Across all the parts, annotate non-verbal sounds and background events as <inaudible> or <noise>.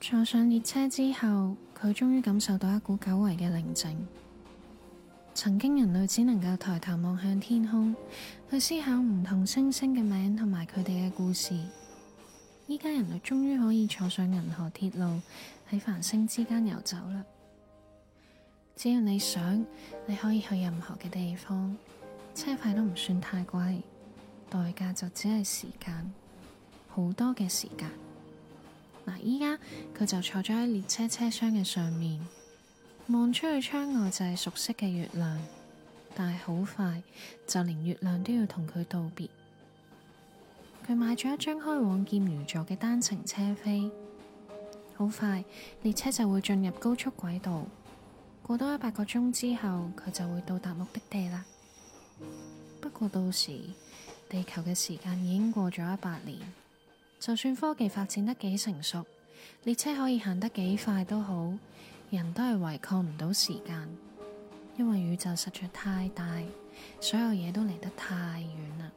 坐上列車之後，佢終於感受到一股久違嘅寧靜。曾經人類只能夠抬頭望向天空，去思考唔同星星嘅名同埋佢哋嘅故事。依家人類終於可以坐上銀河鐵路，喺繁星之間遊走啦。只要你想，你可以去任何嘅地方。車費都唔算太貴，代價就只係時間，好多嘅時間。嗱，依家佢就坐咗喺列車車廂嘅上面，望出去窗外就係熟悉嘅月亮，但係好快就連月亮都要同佢道別。佢買咗一張開往劍魚座嘅單程車飛，好快列車就會進入高速軌道，過多一百個鐘之後佢就會到達目的地啦。不過到時地球嘅時間已經過咗一百年。就算科技發展得幾成熟，列車可以行得幾快都好，人都係違抗唔到時間，因為宇宙實在太大，所有嘢都離得太遠啦。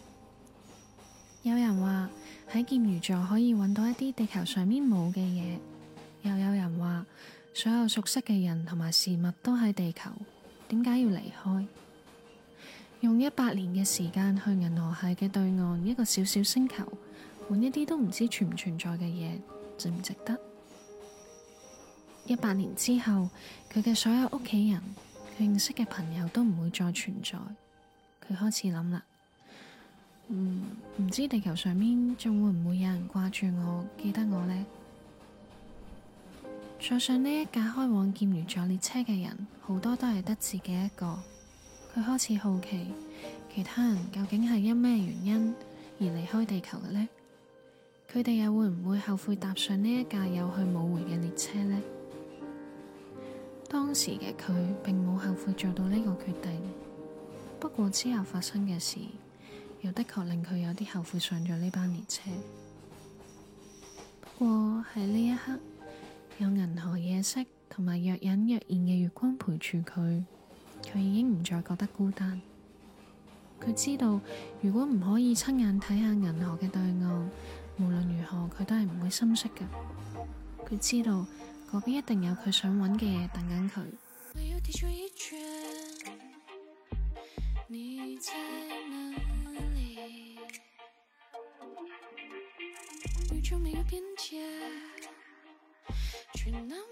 <noise> 有人話喺劍魚座可以揾到一啲地球上面冇嘅嘢，又有人話所有熟悉嘅人同埋事物都喺地球，點解要離開？用一百年嘅時間去銀河系嘅對岸一個小小星球，換一啲都唔知存唔存在嘅嘢，值唔值得？ <noise> 一百年之後，佢嘅所有屋企人、佢認識嘅朋友都唔會再存在。佢開始諗啦，唔、嗯、唔知地球上面仲會唔會有人掛住我、記得我呢？坐 <noise> 上呢一架開往劍魚座列車嘅人，好多都係得自己一個。佢開始好奇，其他人究竟係因咩原因而離開地球嘅呢？佢哋又會唔會後悔搭上呢一架有去冇回嘅列車呢？當時嘅佢並冇後悔做到呢個決定，不過之後發生嘅事又的確令佢有啲後悔上咗呢班列車。不過喺呢一刻，有銀河夜色同埋若隱若現嘅月光陪住佢。佢已經唔再覺得孤單，佢知道如果唔可以親眼睇下銀河嘅對岸，無論如何佢都係唔會心息嘅。佢知道嗰邊一定有佢想揾嘅嘢等緊佢。 <music>